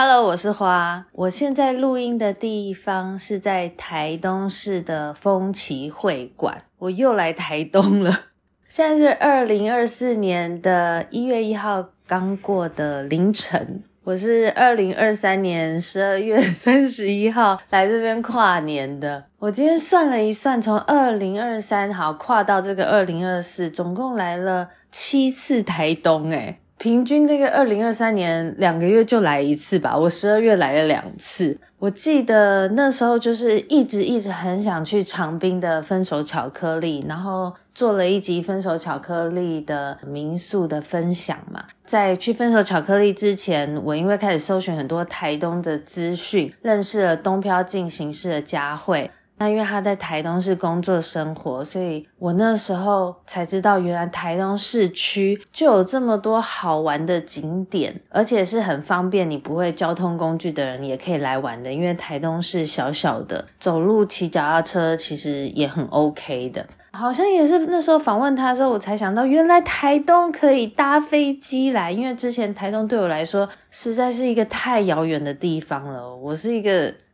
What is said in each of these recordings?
Hello，我是花。我現在錄音的地方是在台東市的風旗會館。我又來台東了。現在是二零二四年的一月一號剛過的凌晨。我是二零二三年十二月三十一號來這邊跨年的。我今天算了一算，從二零二三號跨到這個二零二四，總共來了七次台東誒、欸平均那個二零二三年兩個月就來一次吧，我十二月來了兩次。我記得那時候就是一直一直很想去長濱的分手巧克力，然後做了一集分手巧克力的民宿的分享嘛。在去分手巧克力之前，我因為開始搜尋很多台東的資訊，認識了東漂進行式的佳慧。那因為他在台東市工作生活，所以我那時候才知道，原來台東市區就有這麼多好玩的景點，而且是很方便你不會交通工具的人也可以來玩的。因為台東是小小的，走路、騎腳踏車其實也很 OK 的。好像也是那時候訪問他的時候，我才想到，原來台東可以搭飛機來。因為之前台東對我來說，實在是一個太遙遠的地方了。我是一個。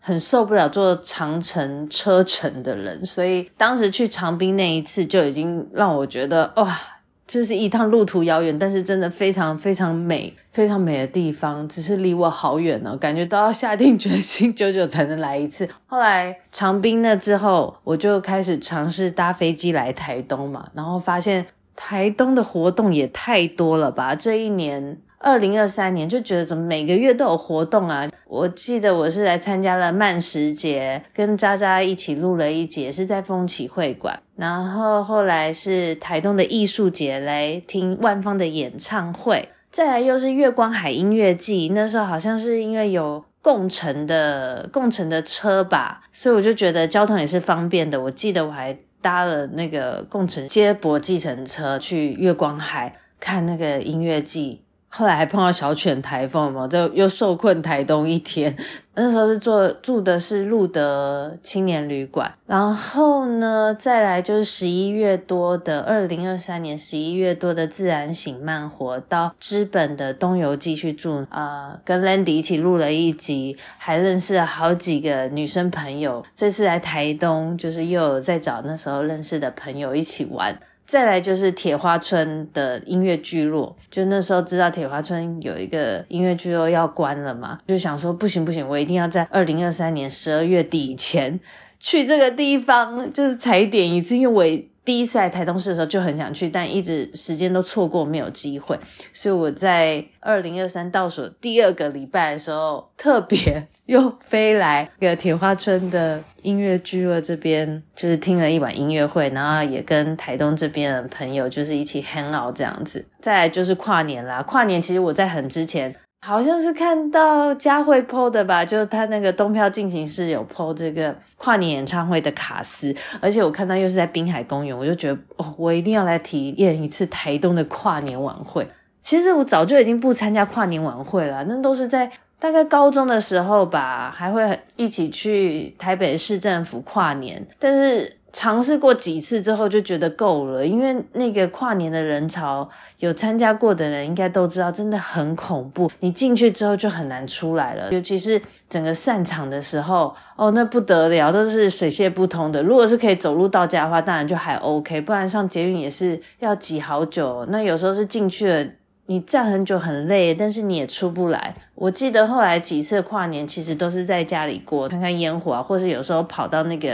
很受不了坐長程車程的人，所以當時去長濱那一次就已經讓我覺得哇，這是一趟路途遙遠，但是真的非常非常美、非常美的地方。只是離我好遠哦、喔，感覺都要下定決心，久久才能來一次。後來長濱那之後，我就開始嘗試搭飛機來台東嘛，然後發現台東的活動也太多了吧，這一年，二零二三年就覺得怎麼每個月都有活動啊！我記得我是來參加了慢食節，跟渣渣一起錄了一節，是在風起會館。然後後來是台東的藝術節，來聽萬芳的演唱會。再來又是月光海音樂季。那時候好像是因為有共乘的共乘的車吧，所以我就覺得交通也是方便的。我記得我還搭了那個共乘接駁計程車去月光海看那個音樂季。後來還碰到小犬颱風嘛，就又受困台東一天。 那時候是住住的是路得青年旅館，然後呢，再來就是十一月多的二零二三年十一月多的自然醒慢活，到知本的東遊季去住。呃，跟 Landy 一起錄了一集，還認識了好幾個女生朋友。這次來台東，就是又再在找那時候認識的朋友一起玩。再來就是鐵花村的音樂聚落，就那時候知道鐵花村有一個音樂聚落要關了嘛，就想說不行不行，我一定要在二零二三年十二月底前去這個地方，就是踩點一次，因為我。第一次來台東市的時候就很想去，但一直時間都錯過，沒有機會。所以我在二零二三倒數第二個禮拜的時候，特別又飛來那個鐵花村的音樂俱樂部這邊，就是聽了一晚音樂會，然後也跟台東這邊的朋友就是一起 hang out 這樣子。再來就是跨年啦，跨年其實我在很之前。好像是看到佳慧 PO 的吧，就是他那個東漂進行式有 PO 這個跨年演唱會的卡司，而且我看到又是在濱海公園，我就覺得哦，我一定要來體驗一次台東的跨年晚會。其實我早就已經不參加跨年晚會了，那都是在大概高中的時候吧，還會一起去台北市政府跨年，但是。嘗試過幾次之後，就覺得夠了，因為那個跨年的人潮，有參加過的人應該都知道，真的很恐怖。你進去之後就很難出來了，尤其是整個散場的時候，哦，那不得了，都是水泄不通的。如果是可以走路到家的話，當然就還 OK，不然上捷運也是要擠好久。那有時候是進去了。你站很久很累，但是你也出不來。我記得後來幾次跨年，其實都是在家裡過，看看煙火啊，或是有時候跑到那個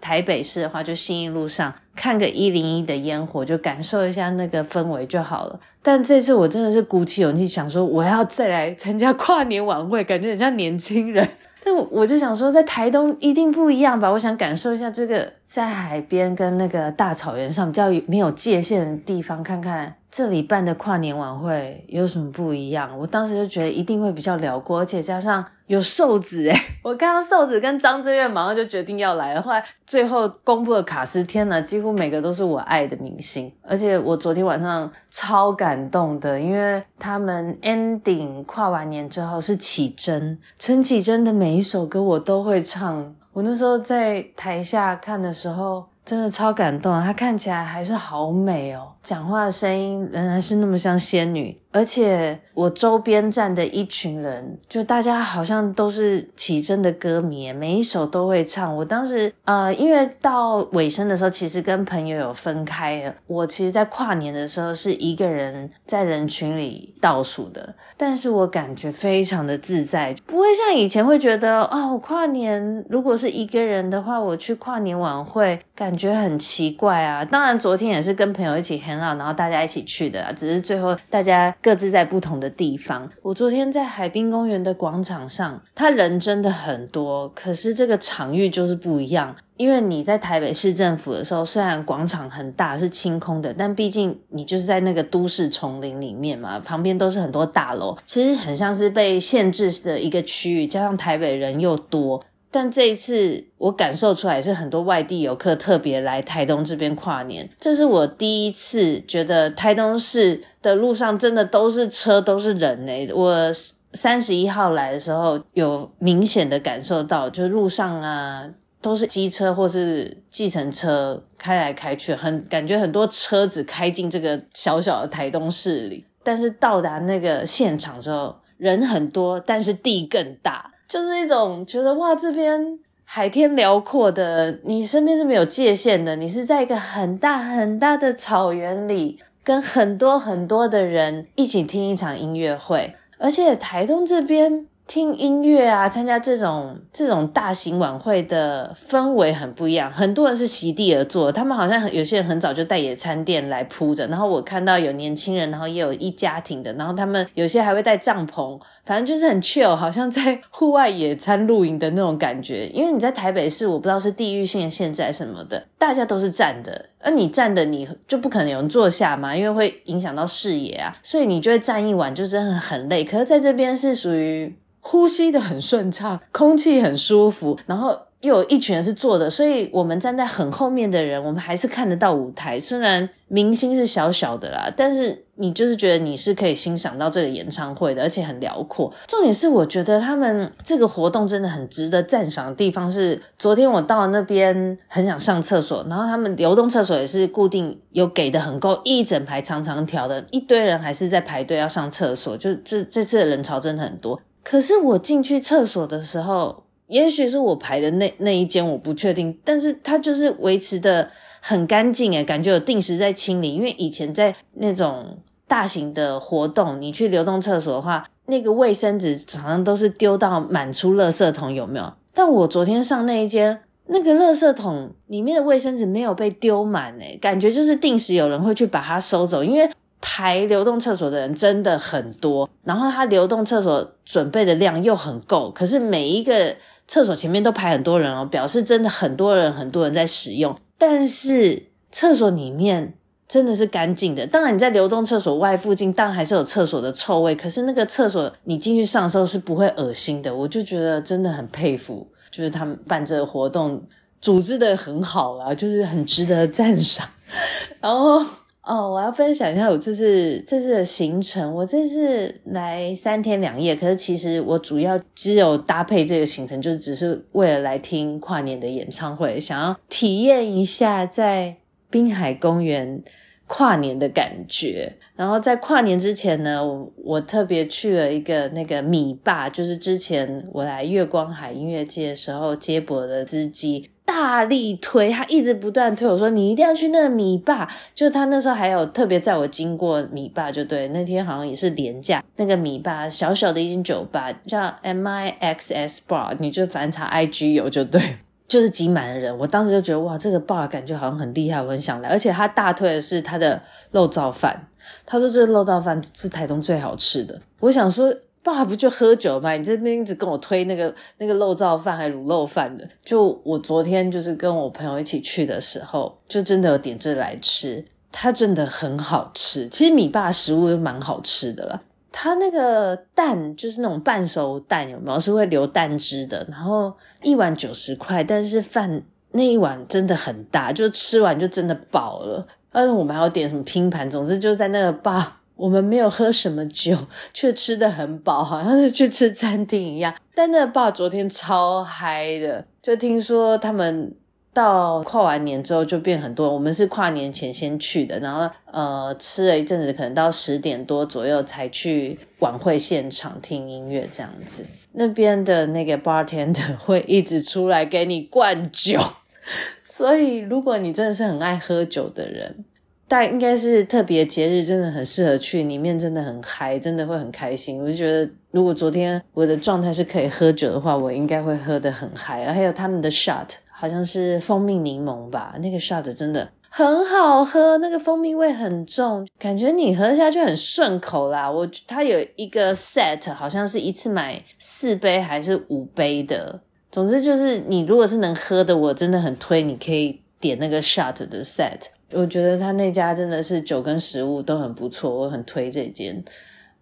台北市的話，就信義路上看個一零一的煙火，就感受一下那個氛圍就好了。但這次我真的是鼓起勇氣想說，我要再來參加跨年晚會，感覺很像年輕人。但我就想說，在台東一定不一樣吧，我想感受一下這個。在海邊跟那個大草原上比較沒有界限的地方，看看這裡辦的跨年晚會有什麼不一樣？我當時就覺得一定會比較遼闊，而且加上有瘦子誒我看到瘦子跟張震嶽馬上就決定要來了後來最後公布的卡司，天哪，幾乎每個都是我愛的明星，而且我昨天晚上超感動的，因為他們 ending 跨完年之後是綺貞，陳綺貞的每一首歌我都會唱。我那時候在台下看的時候，真的超感動啊，她看起來還是好美哦，講話的聲音仍然是那麼像仙女。而且我周邊站的一群人，就大家好像都是起真的歌迷，每一首都會唱。我當時呃，因為到尾聲的時候，其實跟朋友有分開的。我其實，在跨年的時候是一個人在人群裡倒數的，但是我感覺非常的自在，不會像以前會覺得啊、哦，我跨年如果是一個人的話，我去跨年晚會感覺很奇怪啊。當然，昨天也是跟朋友一起很好，然後大家一起去的啦，只是最後大家。各自在不同的地方。我昨天在海濱公園的廣場上，他人真的很多，可是這個場域就是不一樣。因為你在台北市政府的時候，雖然廣場很大，是清空的，但畢竟你就是在那個都市叢林裡面嘛，旁邊都是很多大樓，其實很像是被限制的一個區域，加上台北人又多。但這一次，我感受出來是很多外地遊客特別來台東這邊跨年，這是我第一次覺得台東市的路上真的都是車都是人呢。欸，我三十一號來的時候，有明顯的感受到，就是路上啊都是機車或是計程車開來開去，很感覺很多車子開進這個小小的台東市裡，但是到達那個現場之後，人很多，但是地更大。就是一種覺得哇，這邊海天遼闊的，你身邊是沒有界限的，你是在一個很大很大的草原裡，跟很多很多的人一起聽一場音樂會，而且台東這邊。聽音樂啊，參加這種這種大型晚會的氛圍很不一樣。很多人是席地而坐，他們好像有些人很早就帶野餐墊來鋪着。然後我看到有年輕人，然後也有一家庭的，然後他們有些還會帶帳篷，反正就是很 chill，好像在戶外野餐露營的那種感覺。因為你在台北市，我不知道是地域性的限制什麼的，大家都是站的。那你站的你就不可能有人坐下嘛，因為會影響到視野啊，所以你就會站一晚就真的很累。可是在這邊是屬於呼吸的很順暢，空氣很舒服，然後。又有一群人是坐的，所以我們站在很後面的人，我們還是看得到舞台。雖然明星是小小的啦，但是你就是覺得你是可以欣賞到這個演唱會的，而且很遼闊。重點是，我覺得他們這個活動真的很值得讚賞的地方是，昨天我到那邊很想上廁所，然後他們流動廁所也是固定有給的很夠，一整排長長條的一堆人還是在排隊要上廁所，就這這次的人潮真的很多。可是我進去廁所的時候。也許是我排的那那一間，我不確定，但是它就是維持得很乾淨誒，感覺有定時在清理。因為以前在那種大型的活動，你去流動廁所的話，那個衛生紙常常都是丟到滿出垃圾桶，有沒有？但我昨天上那一間，那個垃圾桶裡面的衛生紙沒有被丟滿誒，感覺就是定時有人會去把它收走。因為排流動廁所的人真的很多，然後他流動廁所準備的量又很夠，可是每一個。廁所前面都排很多人哦，表示真的很多人很多人在使用。但是廁所裡面真的是乾淨的，當然你在流動廁所外附近，當然還是有廁所的臭味。可是那個廁所你進去上的時候是不會噁心的，我就覺得真的很佩服，就是他們辦這個活動組織得很好啊，就是很值得讚賞。然後。哦，我要分享一下我這次這次的行程。我這次來三天兩夜，可是其實我主要只有搭配這個行程，就只是為了來聽跨年的演唱會，想要體驗一下在濱海公園跨年的感覺。然後在跨年之前呢，我，我特別去了一個那個米爸，就是之前我來月光海音樂節的時候接駁的司機。大力推，他一直不斷推我說：“你一定要去那個米霸，就他那時候還有特別在我經過米霸，就對那天好像也是廉價那個米霸，小小的一間酒吧叫 M I X X Bar，你就反正查 I G 有就對，就是擠滿了人。我當時就覺得哇，這個 bar 感覺好像很厲害，我很想來。而且他大推的是他的肉燥飯，他說這肉燥飯是台東最好吃的。我想說。爸不就喝酒嗎？你這邊一直跟我推那個那個肉燥飯還滷肉飯的。就我昨天就是跟我朋友一起去的時候，就真的有點這來吃，它真的很好吃。其實米爸食物都蠻好吃的了，它那個蛋就是那種半熟蛋，有沒有？是會流蛋汁的。然後一碗九十塊，但是飯那一碗真的很大，就吃完就真的飽了。而且我們還有點什麼拼盤，總之就是在那個爸。我們沒有喝什麼酒，卻吃得很飽，好像是去吃餐廳一樣。但那個 bar 昨天超嗨的，就聽說他們到跨完年之後就變很多。我們是跨年前先去的，然後呃吃了一陣子，可能到十點多左右才去晚會現場聽音樂這樣子。那邊的那個 bartender 會一直出來給你灌酒，所以如果你真的是很愛喝酒的人。但應該是特別節日，真的很適合去，裡面真的很嗨，真的會很開心。我就覺得，如果昨天我的狀態是可以喝酒的話，我應該會喝得很嗨。還有他們的 shot 好像是蜂蜜檸檬吧，那個 shot 真的很好喝，那個蜂蜜味很重，感覺你喝下去很順口啦。我它有一個 set，好像是一次買四杯還是五杯的。總之就是你如果是能喝的，我真的很推，你可以點那個 shot 的 set。我覺得他那家真的是酒跟食物都很不錯，我很推這間。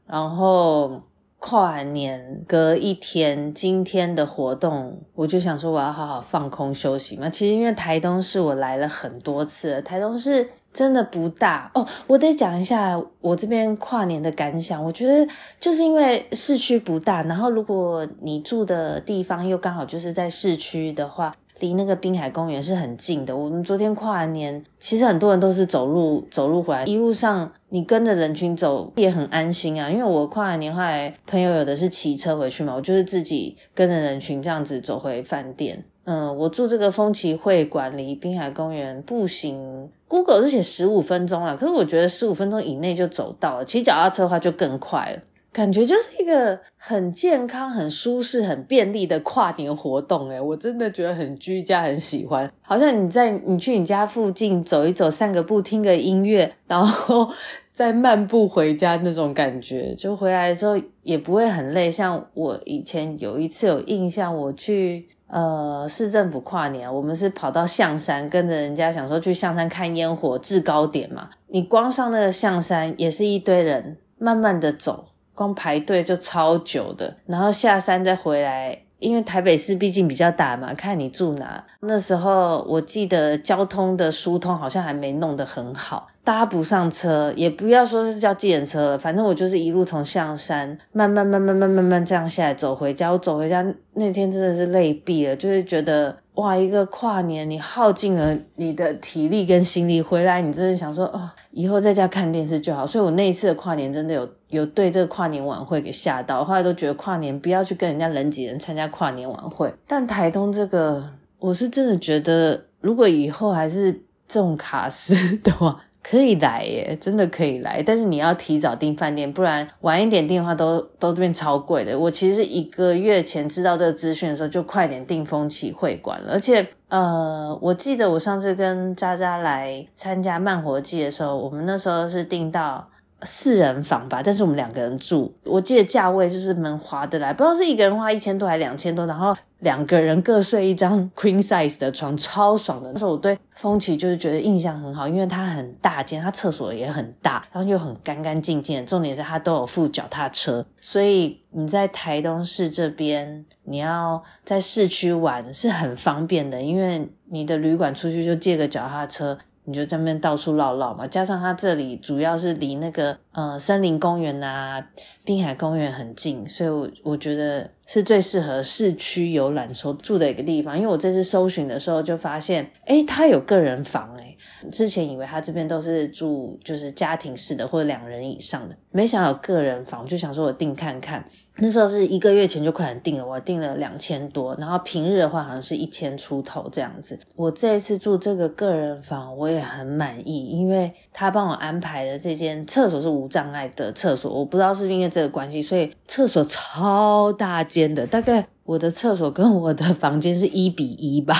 然後跨年隔一天，今天的活動我就想說我要好好放空休息嘛。其實因為台東市我來了很多次了，台東市真的不大哦。我得講一下我這邊跨年的感想。我覺得就是因為市區不大，然後如果你住的地方又剛好就是在市區的話。離那個濱海公園是很近的。我們昨天跨完年，其實很多人都是走路走路回來。一路上你跟着人群走也很安心啊。因為我跨完年後來，朋友有的是騎車回去嘛，我就是自己跟着人群這樣子走回飯店。嗯，我住這個風旗會館，離濱海公園步行，Google 是寫十五分鐘啊。可是我覺得十五分鐘以內就走到了。騎腳踏車的話就更快了。感覺就是一個很健康、很舒適、很便利的跨年活動，誒，我真的覺得很居家，很喜歡。好像你在你去你家附近走一走、散個步、聽個音樂，然後再漫步回家那種感覺，就回來的時候也不會很累。像我以前有一次有印象，我去呃市政府跨年，我們是跑到象山，跟着人家想說去象山看煙火，制高點嘛。你光上那個象山，也是一堆人慢慢的走。光排隊就超久的，然後下山再回來，因為台北市畢竟比較大嘛，看你住哪。那時候我記得交通的疏通好像還沒弄得很好。搭不上車，也不要說是叫計程車了，反正我就是一路從象山，慢慢慢慢慢慢慢慢這樣下來，走回家。我走回家那天真的是累斃了，就是覺得哇，一個跨年你耗盡了你的體力跟心力，回來你真的想說啊、哦，以後在家看電視就好。所以我那一次的跨年真的有有對這個跨年晚會給嚇到，後來都覺得跨年不要去跟人家人擠人參加跨年晚會。但台東這個，我是真的覺得，如果以後還是這種卡司的話。可以來耶，真的可以來，但是你要提早訂飯店，不然晚一點訂的話都都變超貴的。我其實是一個月前知道這個資訊的時候，就快點訂風起會館了。而且，呃，我記得我上次跟喳喳來參加慢活祭的時候，我們那時候是訂到四人房吧，但是我們兩個人住，我記得價位就是蠻划得來，不知道是一個人花一千多還是兩千多，然後。兩個人各睡一張 queen size 的床，超爽的。那時候我對風起就是覺得印象很好，因為它很大間，它廁所也很大，然後又很乾乾淨淨的。重點是它都有附腳踏車，所以你在台東市這邊，你要在市區玩是很方便的，因為你的旅館出去就借個腳踏車。你就在那邊到處繞繞嘛，加上它這裡主要是離那個呃森林公園啊、濱海公園很近，所以我我覺得是最適合市區遊覽時候住的一個地方。因為我這次搜尋的時候就發現，誒、欸、它有個人房、欸，哎，之前以為它這邊都是住就是家庭式的或者兩人以上的，沒想到有個人房，就想說我訂看看。那時候是一個月前就快訂了，我訂了兩千多，然後平日的話好像是一千出頭這樣子。我這一次住這個個人房，我也很滿意，因為他幫我安排的這間廁所是無障礙的廁所，我不知道是不是因為這個關係，所以廁所超大間的，大概我的廁所跟我的房間是一比一吧。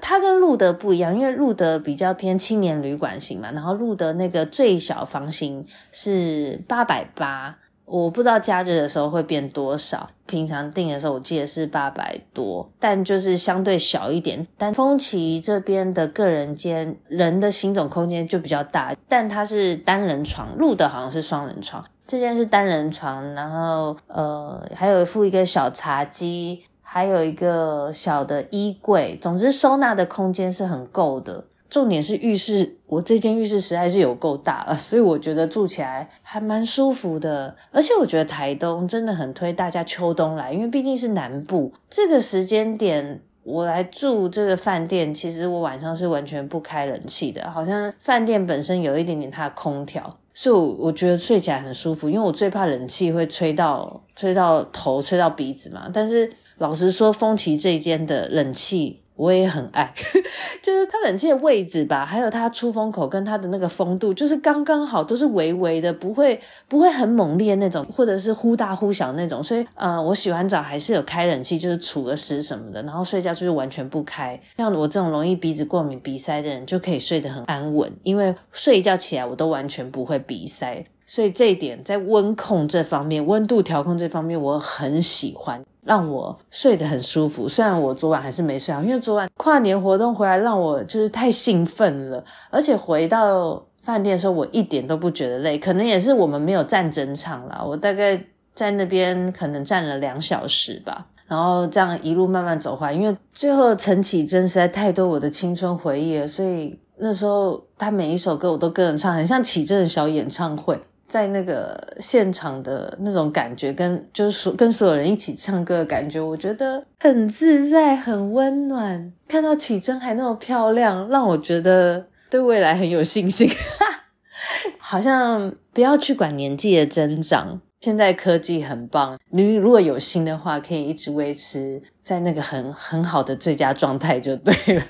它跟路得不一樣，因為路得比較偏青年旅館型嘛，然後路得那個最小房型是八百八。我不知道假日的時候會變多少，平常訂的時候我記得是八百多，但就是相對小一點。但風旗這邊的個人間人的行走空間就比較大，但它是單人床，路得的好像是雙人床，這間是單人床，然後呃還有附一個小茶幾，還有一個小的衣櫃，總之收納的空間是很夠的。重點是浴室，我這間浴室實在是有夠大了，所以我覺得住起來還蠻舒服的。而且我覺得台東真的很推大家秋冬來，因為畢竟是南部，這個時間點我來住這個飯店，其實我晚上是完全不開冷氣的，好像飯店本身有一點點它的空調，所以我，我覺得睡起來很舒服，因為我最怕冷氣會吹到吹到頭、吹到鼻子嘛。但是老實說，風旗這間的冷氣。我也很愛， 就是它冷氣的位置吧，還有它出風口跟它的那個風度，就是剛剛好，都是微微的，不會不會很猛烈的那種，或者是忽大忽小的那種。所以呃，我洗完澡還是有開冷氣，就是除個濕什麼的，然後睡覺就是完全不開。像我這種容易鼻子過敏、鼻塞的人，就可以睡得很安穩，因為睡一覺起來我都完全不會鼻塞。所以這一點在溫控這方面、溫度調控這方面，我很喜歡。讓我睡得很舒服，雖然我昨晚還是沒睡好，因為昨晚跨年活動回來讓我就是太興奮了，而且回到飯店的時候我一點都不覺得累，可能也是我們沒有站整場啦，我大概在那邊可能站了兩小時吧，然後這樣一路慢慢走回來，因為最後陳綺貞實在太多我的青春回憶了，所以那時候他每一首歌我都跟着唱，很像綺貞的小演唱會。在那個現場的那種感覺跟，跟就是跟所有人一起唱歌的感覺，我覺得很自在、很溫暖。看到啟真還那麼漂亮，讓我覺得對未來很有信心， 好像不要去管年紀的增長。現在科技很棒，你如果有心的話，可以一直維持在那個很很好的最佳狀態就對了。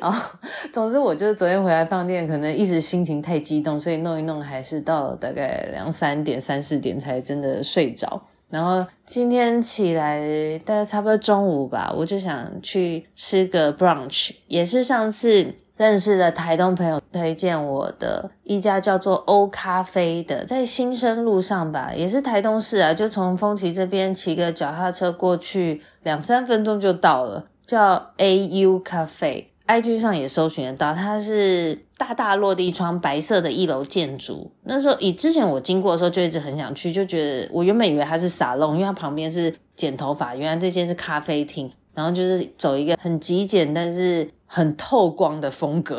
然 後，總之，我就是昨天回來放電，可能一直心情太激動，所以弄一弄，還是到了大概兩三點、三四點才真的睡着。然後今天起來，大概差不多中午吧，我就想去吃個 brunch，也是上次。認識的台東朋友推薦我的一家叫做鷗咖啡的，在新生路上吧，也是台東市啊，就從風旗這邊騎個腳踏車過去兩三分鐘就到了，叫 AU 咖啡，IG 上也搜尋得到。它是大大落地窗、白色的一樓建築。那時候以之前我經過的時候就一直很想去，就覺得我原本以為它是沙龍，因為它旁邊是剪頭髮，原來這間是咖啡廳。然後就是走一個很極簡，但是。很透光的風格，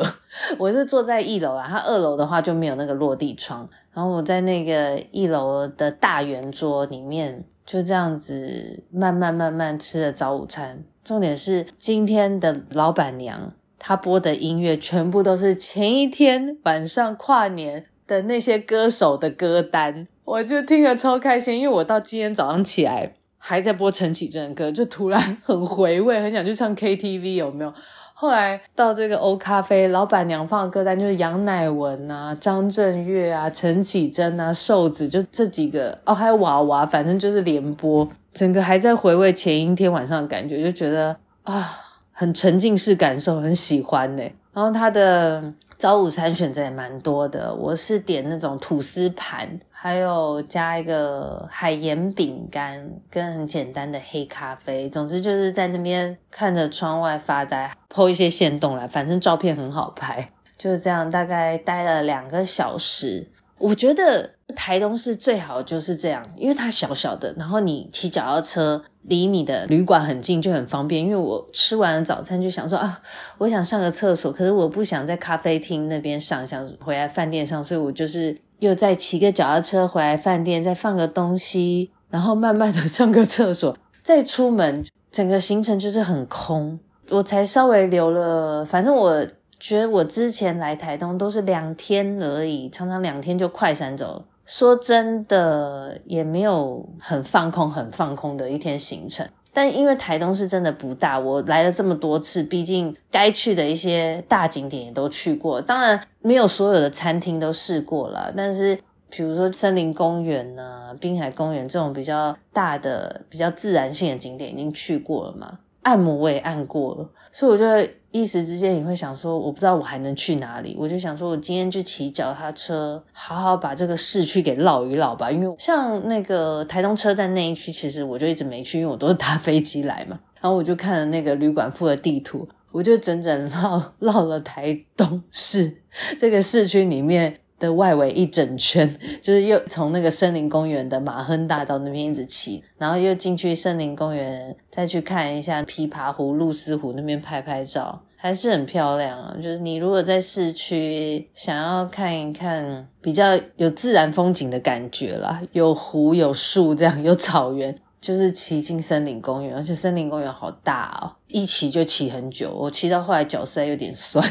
我是坐在一樓啊，他二樓的話就沒有那個落地窗。然後我在那個一樓的大圓桌裡面，就這樣子慢慢慢慢吃了早午餐。重點是今天的老板娘她播的音樂全部都是前一天晚上跨年的那些歌手的歌單，我就聽了超開心，因為我到今天早上起來還在播陳綺貞的歌，就突然很回味，很想去唱 KTV，有沒有？後來到這個歐咖啡，老闆娘放的歌單就是楊乃文啊、張震岳啊、陳綺貞啊、瘦子，就這幾個，哦，還有娃娃，反正就是連播。整個還在回味前一天晚上的感覺，就覺得啊，很沉浸式感受，很喜歡呢。然後他的早午餐選擇也蠻多的，我是點那種吐司盤。還有加一個海鹽餅乾跟很簡單的黑咖啡，總之就是在那邊看着窗外發呆，PO 一些限動來，反正照片很好拍，就是這樣。大概待了兩個小時，我覺得台東市最好就是這樣，因為它小小的，然後你騎腳踏車離你的旅館很近，就很方便。因為我吃完了早餐就想說啊，我想上個廁所，可是我不想在咖啡廳那邊上，想回來飯店上，所以我就是。又再騎個腳踏車回來飯店，再放個東西，然後慢慢的上個廁所，再出門，整個行程就是很空。我才稍微留了，反正我覺得我之前來台東都是兩天而已，常常兩天就快閃走了。說真的，也沒有很放空、很放空的一天行程。但因為台東是真的不大，我來了這麼多次，畢竟該去的一些大景點也都去過，當然沒有所有的餐廳都試過啦，但是比如說森林公園吶、啊、濱海公園這種比較大的、比較自然性的景點已經去過了嘛。按摩我也按過了，所以我就一時之間也會想說，我不知道我還能去哪裡。我就想說，我今天就騎腳踏車，好好把這個市區給繞一繞吧。因為像那個台東車站那一區，其實我就一直沒去，因為我都是搭飛機來嘛。然後我就看了那個旅館附的地圖，我就整整繞繞了台東市這個市區裡面。的外圍一整圈，就是又從那個森林公園的馬亨大道那邊一直騎，然後又進去森林公園，再去看一下琵琶湖、鷺鷥湖那邊拍拍照，還是很漂亮啊。就是你如果在市區想要看一看比較有自然風景的感覺啦，有湖、有樹這樣，有草原，就是騎進森林公園，而且森林公園好大哦，一騎就騎很久，我騎到後來腳實在有點痠。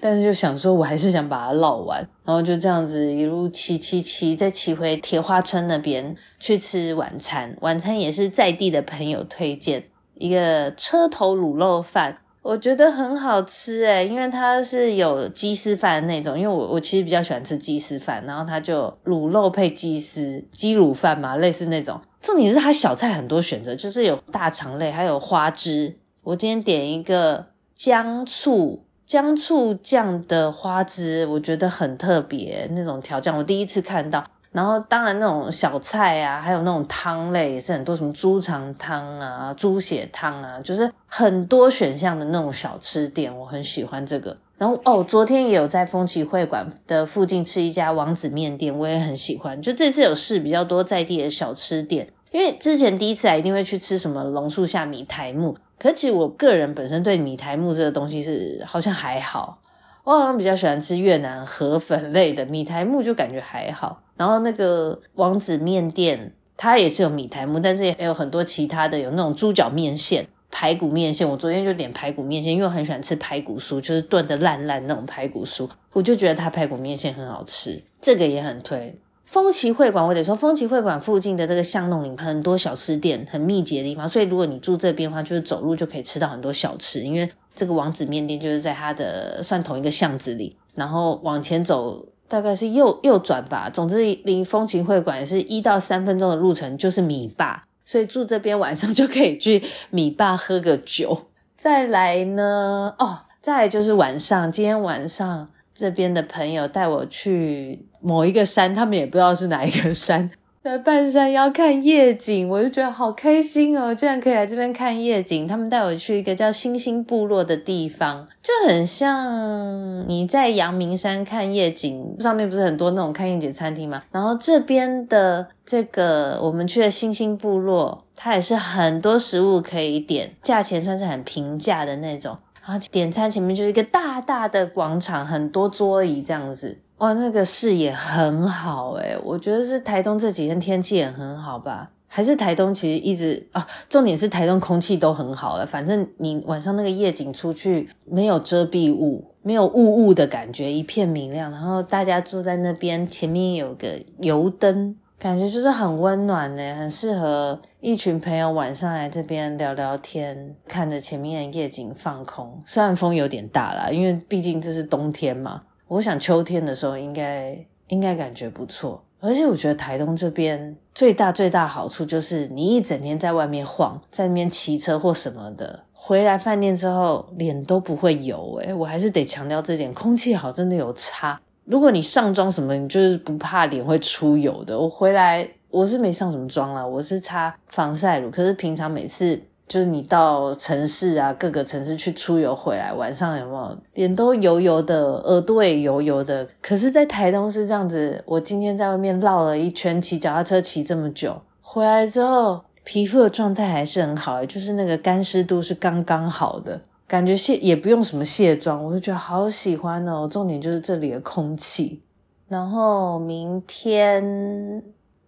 但是就想說，我還是想把它烙完，然後就這樣子一路騎騎騎，再騎回鐵花村那邊去吃晚餐。晚餐也是在地的朋友推薦一個車頭滷肉飯，我覺得很好吃哎，因為它是有雞絲飯的那種，因為我我其實比較喜歡吃雞絲飯，然後它就滷肉配雞絲，雞滷飯嘛，類似那種。重點是它小菜很多選擇，就是有大腸類，還有花枝。我今天點一個薑醋。薑醋醬的花枝，我覺得很特別，那種調醬我第一次看到。然後當然那種小菜啊，還有那種湯類也是很多，什麼豬腸湯啊、豬血湯啊，就是很多選項的那種小吃店，我很喜歡這個。然後哦，昨天也有在風旗會館的附近吃一家王子麵店，我也很喜歡。就這次有試比較多在地的小吃店，因為之前第一次來一定會去吃什麼榕樹下米苔目。可其實我個人本身對米苔目這個東西是好像還好，我好像比較喜歡吃越南河粉類的米苔目，就感覺還好。然後那個王子面店它也是有米苔目，但是也有很多其他的，有那種豬腳麵線、排骨麵線。我昨天就點排骨麵線，因為我很喜歡吃排骨酥，就是燉的爛爛那種排骨酥，我就覺得它排骨麵線很好吃，這個也很推。風旗會館，我得說，風旗會館附近的這個巷弄裡很多小吃店，很密集的地方，所以如果你住這邊的話，就是走路就可以吃到很多小吃。因為這個王子麵店就是在它的算同一個巷子裡，然後往前走大概是右右轉吧。總之，離風旗會館是一到三分鐘的路程，就是 Mixx Bar，所以住這邊晚上就可以去 Mixx Bar 喝個酒。再來呢，哦，再來就是晚上，今天晚上。這邊的朋友帶我去某一個山，他們也不知道是哪一個山，在半山腰看夜景，我就覺得好開心哦，居然可以來這邊看夜景。他們帶我去一個叫星星部落的地方，就很像你在陽明山看夜景，上面不是很多那種看夜景餐廳嘛。然後這邊的這個我們去的星星部落，它也是很多食物可以點，價錢算是很平價的那種。啊！然後點餐前面就是一個大大的廣場，很多桌椅這樣子，哇，那個視野很好誒，我覺得是台東這幾天天氣也很好吧，還是台東其實一直啊，重點是台東空氣都很好了。反正你晚上那個夜景出去，沒有遮蔽物，沒有霧霧的感覺，一片明亮。然後大家坐在那邊，前面有個油燈。感覺就是很溫暖欸，很適合一群朋友晚上來這邊聊聊天，看着前面的夜景放空。雖然風有點大啦，因為畢竟這是冬天嘛。我想秋天的時候應該應該感覺不錯，而且我覺得台東這邊最大最大好處就是你一整天在外面晃，在那邊騎車或什麼的，回來飯店之後臉都不會油欸，我還是得強調這點，空氣好真的有差。如果你上妝什麼，你就是不怕臉會出油的。我回來我是沒上什麼妝啦，我是擦防曬乳。可是平常每次就是你到城市啊，各個城市去出遊回來，晚上有沒有，臉都油油的，耳朵也油油的。可是，在台東是這樣子，我今天在外面繞了一圈，騎腳踏車騎這麼久回來之後，皮膚的狀態還是很好哎、欸，就是那個乾濕度是剛剛好的。感覺卸也不用什麼卸妝，我就覺得好喜歡哦。重點就是這裡的空氣。然後明天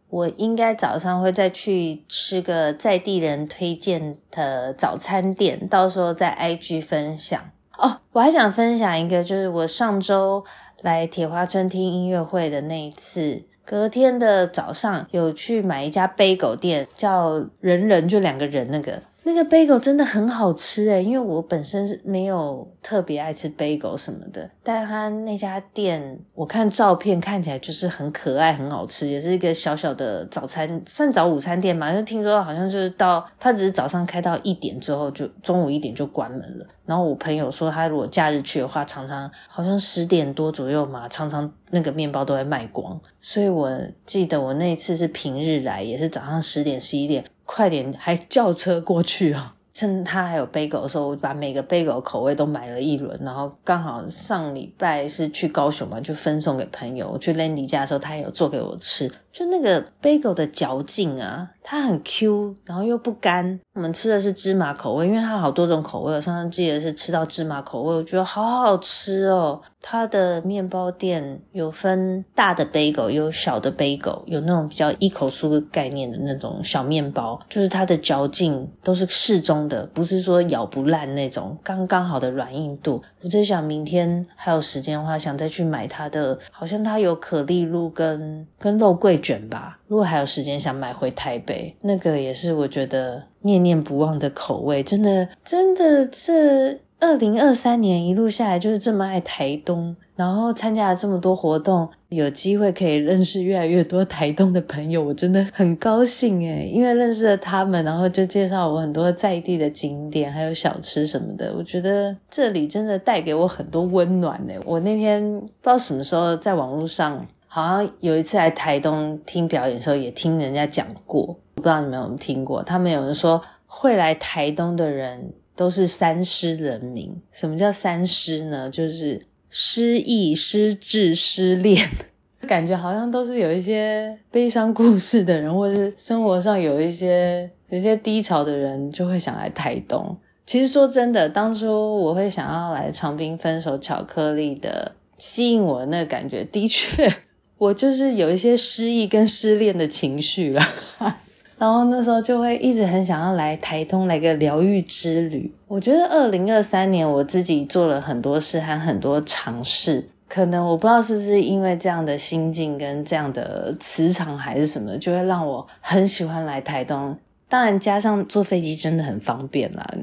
我應該早上會再去吃個在地人推薦的早餐店，到時候在 IG 分享哦。我還想分享一個，就是我上周來鐵花村聽音樂會的那一次，隔天的早上有去買一家貝果店，叫人人就兩個人那個。那個 BAGEL 真的很好吃誒，因為我本身是沒有特別愛吃 BAGEL 什麼的，但他那家店我看照片看起來就是很可愛、很好吃，也是一個小小的早餐算早午餐店嘛。就聽說好像就是到他只是早上開到一點之後就中午一點就關門了。然後我朋友說他如果假日去的話，常常好像十點多左右嘛，常常那個麵包都會賣光。所以我記得我那一次是平日來，也是早上十點、十一點。快點，還叫車過去啊！趁他還有 bagel 的時候，我把每個 bagel 口味都買了一輪。然後剛好上禮拜是去高雄嘛，就分送給朋友。我去 Landy 家的時候，他也有做給我吃，就那個 bagel 的嚼勁啊。它很 Q，然後又不乾。我們吃的是芝麻口味，因為它好多種口味。我上次記得是吃到芝麻口味，我覺得好好吃哦。它的麵包店有分大的 bagel，有小的 bagel，有那種比較一口酥概念的那種小麵包，就是它的嚼勁都是適中的，不是說咬不爛那種，剛剛好的軟硬度。我在想，明天還有時間的話，想再去買它的，好像它有可麗露跟跟肉桂卷吧。如果還有時間，想買回台北，那個也是我覺得念念不忘的口味，真的，真的是。二零二三年，一路下來就是這麼愛台東，然後參加了這麼多活動，有機會可以認識越來越多台東的朋友，我真的很高興哎！因為認識了他們，然後就介紹了我很多在地的景點，還有小吃什麼的，我覺得這裡真的帶給我很多溫暖哎！我那天不知道什麼時候在網絡上，好像有一次來台東聽表演的時候，也聽人家講過，不知道你們有沒有聽過，他們有人說，會來台東的人都是三失人民。什麼叫三失呢？就是失意、失智、失戀，感覺好像都是有一些悲傷故事的人，或者是生活上有一些有一些低潮的人，就會想來台東。其實說真的，當初我會想要來長濱分手巧克力的，吸引我的那個感覺，的確，我就是有一些失意跟失戀的情緒了。然後那時候就會一直很想要來台東，來個療癒之旅。我覺得二零二三年我自己做了很多事，還很多嘗試。可能我不知道是不是因為這樣的心境跟這樣的磁場還是什麼，就會讓我很喜歡來台東。當然加上坐飛機真的很方便啦，啊，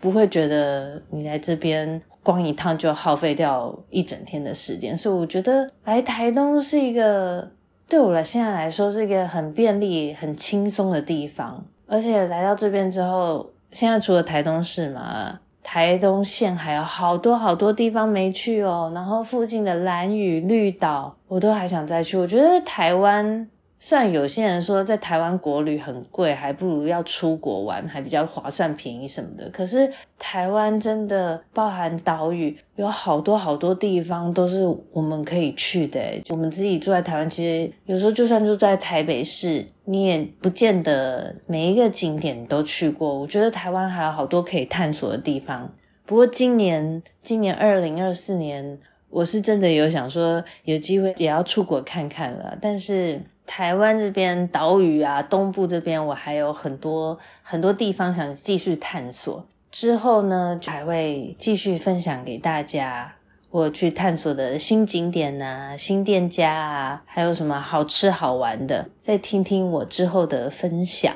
不會覺得你來這邊光一趟就耗費掉一整天的時間。所以我覺得來台東是一個。對我來現在來說是一個很便利、很輕鬆的地方，而且來到這邊之後，現在除了台東市嘛，台東縣還有好多好多地方沒去哦，然後附近的蘭嶼綠島我都還想再去。我覺得台灣。雖然有些人說在台灣國旅很貴，還不如要出國玩，還比較划算便宜什麼的。可是台灣真的包含島嶼，有好多好多地方都是我們可以去的誒。我們自己住在台灣，其實有時候就算就住在台北市，你也不見得每一個景點都去過。我覺得台灣還有好多可以探索的地方。不過今年，今年二零二四年，我是真的有想說有機會也要出國看看了，但是。台灣這邊島嶼啊，東部這邊我還有很多很多地方想繼續探索。之後呢，還會繼續分享給大家我去探索的新景點啊、新店家啊，還有什麼好吃好玩的，再聽聽我之後的分享。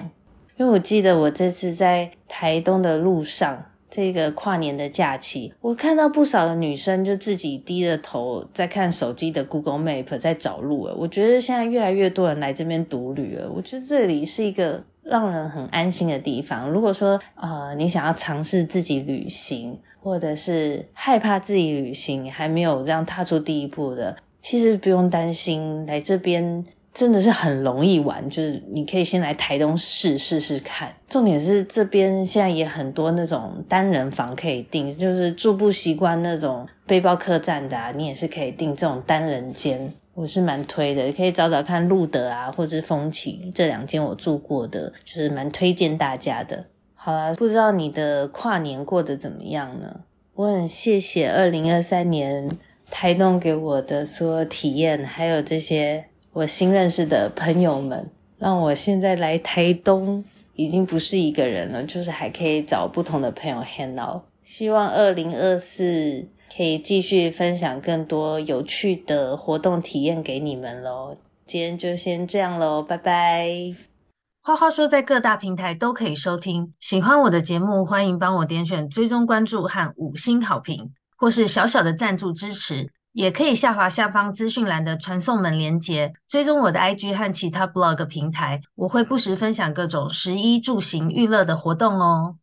因為我記得我這次在台東的路上。這個跨年的假期，我看到不少的女生就自己低着頭在看手機的 Google Map 在找路了。我覺得現在越來越多人來這邊獨旅了。我覺得這裡是一個讓人很安心的地方。如果說啊，呃，你想要嘗試自己旅行，或者是害怕自己旅行還沒有這樣踏出第一步的，其實不用擔心，來這邊。真的是很容易玩，就是你可以先來台東試試試看。重點是這邊現在也很多那種單人房可以訂，就是住不習慣那種背包客棧的啊，你也是可以訂這種單人間，我是蠻推的。你可以找找看路得啊，或者是風情這兩間我住過的，就是蠻推薦大家的。好啦。不知道你的跨年過得怎麼樣呢？我很謝謝二零二三年台東給我的所有體驗，還有這些。我新認識的朋友們，讓我現在來台東已經不是一個人了，就是還可以找不同的朋友 hang out。希望二零二四可以繼續分享更多有趣的活動體驗給你們嘍。今天就先這樣嘍，拜拜。花花說在各大平台都可以收聽，喜歡我的節目，歡迎幫我點選追蹤關注和五星好評，或是小小的贊助支持。也可以下滑下方資訊欄的傳送門連結，追蹤我的 IG 和其他 blog 平台，我會不時分享各種食衣住行娛樂的活動哦。